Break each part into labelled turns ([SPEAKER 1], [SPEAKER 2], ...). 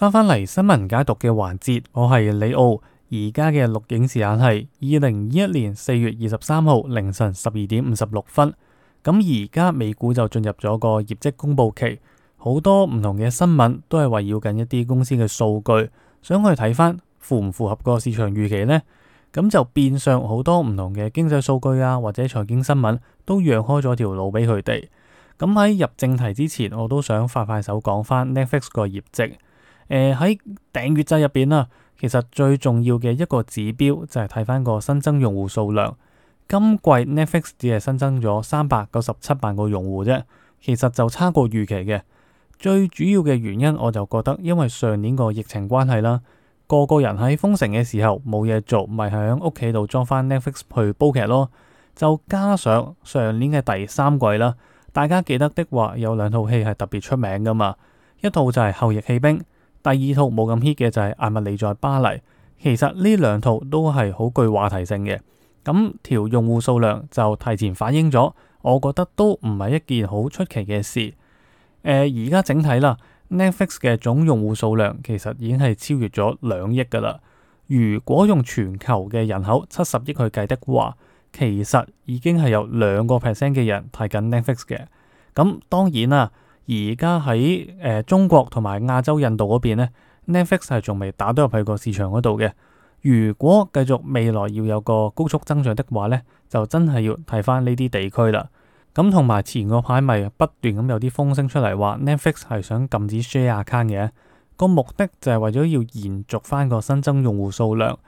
[SPEAKER 1] 翻翻嚟新聞解讀嘅環節，我係李奧。而家嘅錄影時間係二零二一年四月二十三號凌晨十二點五十六分。咁而家美股就進入咗個業績公布期，好多唔同嘅新聞都係圍繞緊一啲公司嘅數據，想去睇翻符唔符合個市場預期呢。咁就變相好多唔同嘅經濟數據啊，或者財經新聞都讓開咗條路俾佢哋。咁喺入正題之前，我都想快快手講翻 Netflix 個業績。誒喺訂閱制入邊啦，其實最重要嘅一個指標就係睇翻個新增用戶數量。今季 Netflix 只係新增咗三百九十七萬個用戶啫，其實就差過預期嘅。最主要嘅原因我就覺得，因為上年個疫情關係啦，個個人喺封城嘅時候冇嘢做，咪係喺屋企度裝翻 Netflix 去煲劇咯。就加上上年嘅第三季啦，大家記得的話，有兩套戲係特別出名㗎嘛，一套就係《後翼棄兵》。第二套冇咁 heat 嘅就係阿瑪利在巴黎，其實呢兩套都係好具話題性嘅，咁條用戶數量就提前反映咗，我覺得都唔係一件好出奇嘅事。呃，而家整體啦，Netflix 嘅總用戶數量其實已經係超越咗兩億噶啦。如果用全球嘅人口七十億去計的話，其實已經係有兩個 percent 嘅人睇緊 Netflix 嘅。咁當然啦。而家喺誒中國同埋亞洲印度嗰邊呢 Netflix 係仲未打到入去個市場嗰度嘅。如果繼續未來要有個高速增長的話呢就真係要睇翻呢啲地區啦。咁同埋前個排咪不斷咁有啲風聲出嚟，話 Netflix 係想禁止 share account 嘅。個目的就係為咗要延續翻個新增用戶數量。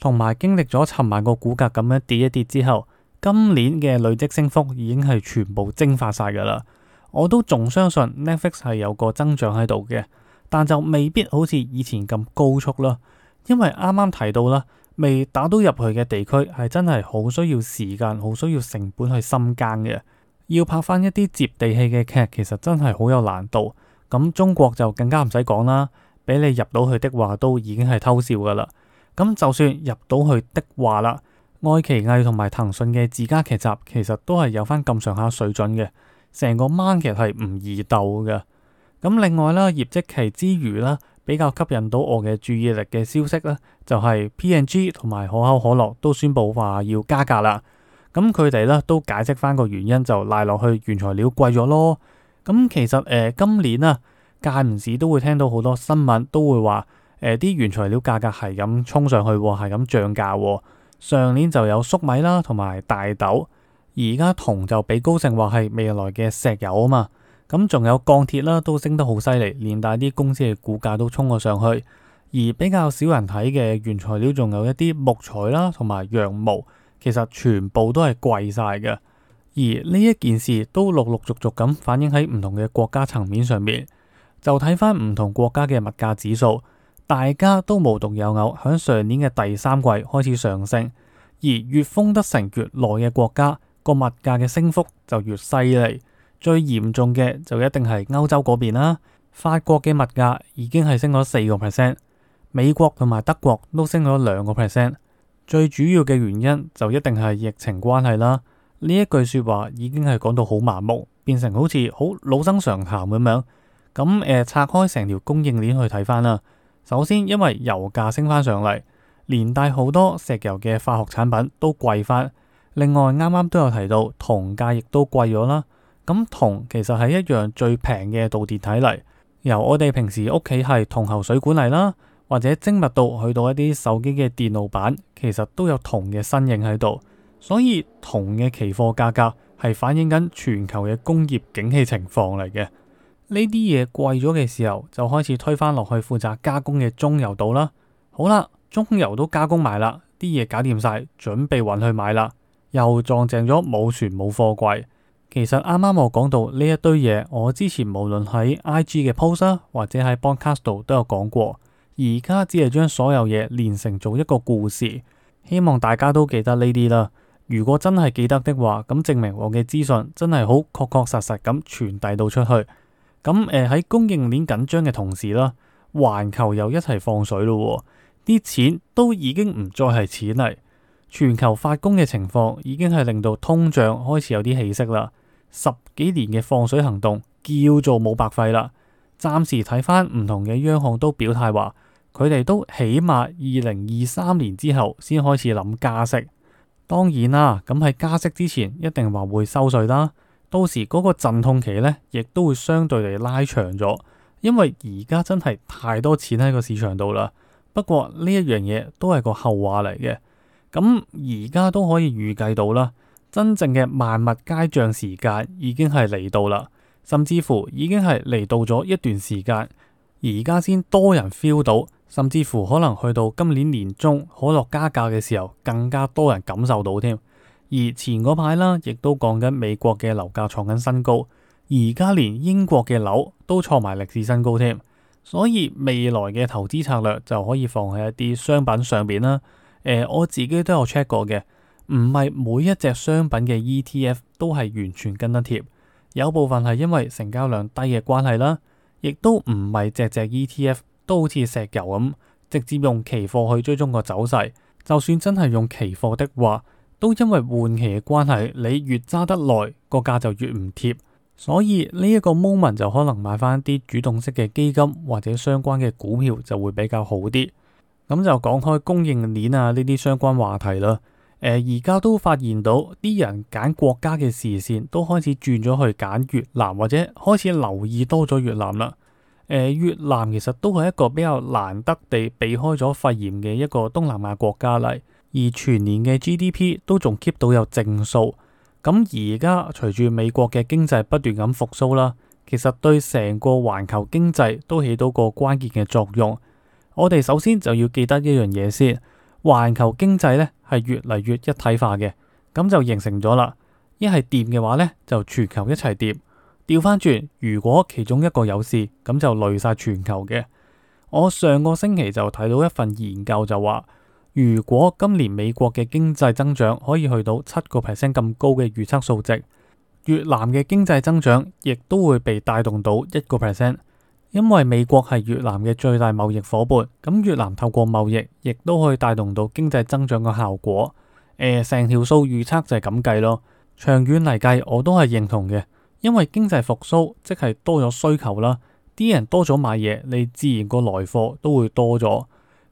[SPEAKER 1] 同埋經歷咗尋晚個股價咁樣跌一跌之後，今年嘅累積升幅已經係全部蒸發晒噶啦。我都仲相信 Netflix 係有個增長喺度嘅，但就未必好似以前咁高速啦。因為啱啱提到啦，未打到入去嘅地區係真係好需要時間，好需要成本去深耕嘅。要拍翻一啲接地氣嘅劇，其實真係好有難度。咁中國就更加唔使講啦，俾你入到去的話都已經係偷笑㗎啦。咁就算入到去的話啦，愛奇藝同埋騰訊嘅自家劇集其實都係有翻咁上下水準嘅。成個 market 其實係唔易鬥嘅。咁另外啦，業績期之餘啦，比較吸引到我嘅注意力嘅消息咧，就係、是、P&G n 同埋可口可樂都宣布話要加價啦。咁佢哋咧都解釋翻個原因就賴落去原材料貴咗咯。咁其實誒、呃、今年啊，間唔時都會聽到好多新聞，都會話誒啲原材料價格係咁衝上去，係咁漲價。上年就有粟米啦同埋大豆。而家銅就比高盛話係未來嘅石油啊嘛，咁仲有鋼鐵啦，都升得好犀利，連帶啲公司嘅股價都衝咗上去。而比較少人睇嘅原材料，仲有一啲木材啦同埋羊毛，其實全部都係貴晒嘅。而呢一件事都陸陸續續咁反映喺唔同嘅國家層面上面，就睇翻唔同國家嘅物價指數，大家都無獨有偶，響上年嘅第三季開始上升。而越封得成越耐嘅國家，個物價嘅升幅就越犀利，最嚴重嘅就一定係歐洲嗰邊啦。法國嘅物價已經係升咗四個 percent，美國同埋德國都升咗兩個 percent。最主要嘅原因就一定係疫情關係啦。呢一句說話已經係講到好麻木，變成好似好老生常談咁樣。咁誒、呃、拆開成條供應鏈去睇翻啦。首先，因為油價升翻上嚟，連帶好多石油嘅化學產品都貴翻。另外啱啱都有提到，銅價亦都貴咗啦。咁銅其實係一樣最平嘅導電體嚟，由我哋平時屋企係銅喉水管嚟啦，或者精密度去到一啲手機嘅電路板，其實都有銅嘅身影喺度。所以銅嘅期貨價格係反映緊全球嘅工業景氣情況嚟嘅。呢啲嘢貴咗嘅時候，就開始推返落去負責加工嘅中游度啦。好啦，中游都加工埋啦，啲嘢搞掂晒，準備運去買啦。又撞正咗冇船冇貨櫃。其實啱啱我講到呢一堆嘢，我之前無論喺 IG 嘅 poster 或者喺 Podcast 度都有講過。而家只係將所有嘢連成做一個故事，希望大家都記得呢啲啦。如果真係記得的話，咁證明我嘅資訊真係好確確實實咁傳遞到出去。咁誒喺供應鏈緊張嘅同時啦，環球又一齊放水咯，啲錢都已經唔再係錢嚟。全球發工嘅情況已經係令到通脹開始有啲氣息啦，十幾年嘅放水行動叫做冇白費啦。暫時睇返唔同嘅央行都表態話，佢哋都起碼二零二三年之後先開始諗加息。當然啦，咁喺加息之前一定話會收稅啦。到時嗰個陣痛期呢，亦都會相對嚟拉長咗，因爲而家真係太多錢喺個市場度啦。不過呢一樣嘢都係個後話嚟嘅。咁而家都可以預計到啦，真正嘅萬物皆漲時間已經係嚟到啦，甚至乎已經係嚟到咗一段時間，而家先多人 feel 到，甚至乎可能去到今年年中可樂加價嘅時候，更加多人感受到添。而前嗰排啦，亦都講緊美國嘅樓價創緊新高，而家連英國嘅樓都創埋歷史新高添。所以未來嘅投資策略就可以放喺一啲商品上邊啦。誒、欸、我自己都有 check 過嘅，唔係每一隻商品嘅 ETF 都係完全跟得貼。有部分係因為成交量低嘅關係啦，亦都唔係隻隻 ETF 都好似石油咁，直接用期貨去追蹤個走勢，就算真係用期貨的話，都因為換期嘅關係，你越揸得耐，個價就越唔貼。所以呢一個 moment 就可能買翻啲主動式嘅基金或者相關嘅股票就會比較好啲。咁就講開供應鏈啊，呢啲相關話題啦。誒、呃，而家都發現到啲人揀國家嘅視線都開始轉咗去揀越南，或者開始留意多咗越南啦。誒、呃，越南其實都係一個比較難得地避開咗肺炎嘅一個東南亞國家嚟，而全年嘅 GDP 都仲 keep 到有正數。咁而家隨住美國嘅經濟不斷咁復蘇啦，其實對成個環球經濟都起到個關鍵嘅作用。我哋首先就要記得一樣嘢先，環球經濟呢係越嚟越一體化嘅，咁就形成咗啦。一係掂嘅話呢，就全球一齊跌。掉返轉，如果其中一個有事，咁就累晒全球嘅。我上個星期就睇到一份研究就話，如果今年美國嘅經濟增長可以去到七個 percent 咁高嘅預測數值，越南嘅經濟增長亦都會被帶動到一個 percent。因為美國係越南嘅最大貿易伙伴，咁越南透過貿易亦都可以帶動到經濟增長嘅效果。呃，成條數預測就係咁計咯。長遠嚟計，我都係認同嘅，因為經濟復甦即係多咗需求啦，啲人多咗買嘢，你自然個來貨都會多咗。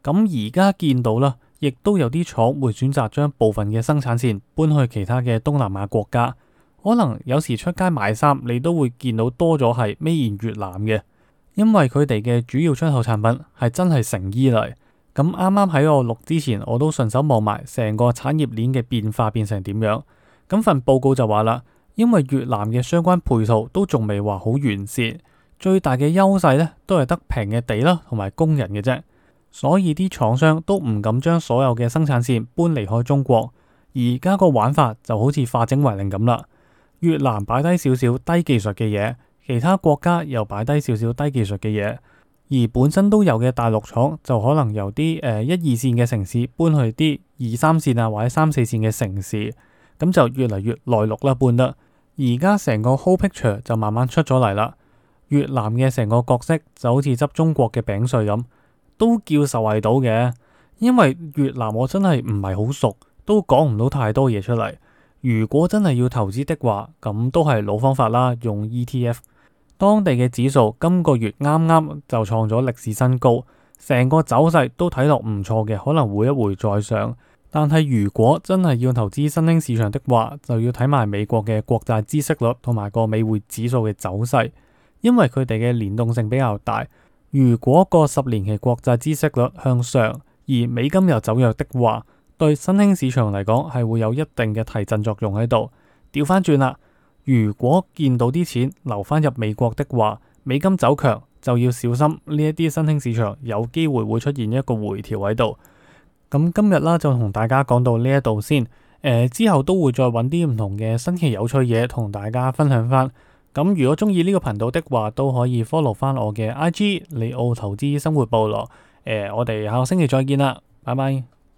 [SPEAKER 1] 咁而家見到啦，亦都有啲廠會選擇將部分嘅生產線搬去其他嘅東南亞國家，可能有時出街買衫，你都會見到多咗係咪然越南嘅。因為佢哋嘅主要出口產品係真係成衣嚟，咁啱啱喺我録之前，我都順手望埋成個產業鏈嘅變化變成點樣，咁份報告就話啦，因為越南嘅相關配套都仲未話好完善，最大嘅優勢呢都係得平嘅地啦同埋工人嘅啫，所以啲廠商都唔敢將所有嘅生產線搬離開中國，而家個玩法就好似化整為零咁啦，越南擺低少少低技術嘅嘢，其他國家又擺低少少低技術嘅嘢，而本身都有嘅大陸廠就可能由啲誒、呃、一二線嘅城市搬去啲二三線啊或者三四線嘅城市，咁就越嚟越內陸啦，搬得而家成個 whole picture 就慢慢出咗嚟啦，越南嘅成個角色就好似執中國嘅餅碎咁，都叫受惠到嘅。因為越南我真係唔係好熟，都講唔到太多嘢出嚟。如果真係要投資的話，咁都係老方法啦，用 ETF。當地嘅指數今個月啱啱就創咗歷史新高，成個走勢都睇落唔錯嘅，可能會一會再上。但係如果真係要投資新興市場的話，就要睇埋美國嘅國債孳息率同埋個美匯指數嘅走勢，因為佢哋嘅聯動性比較大。如果個十年期國債孳息率向上，而美金又走弱的話，對新興市場嚟講係會有一定嘅提振作用喺度。調翻轉啦。如果見到啲錢流翻入美國的話，美金走強就要小心呢一啲新興市場有機會會出現一個回調喺度。咁今日啦就同大家講到呢一度先、呃，之後都會再揾啲唔同嘅新奇有趣嘢同大家分享翻。咁如果中意呢個頻道的話，都可以 follow 翻我嘅 IG 李奧投資生活部落、呃。我哋下個星期再見啦，拜拜。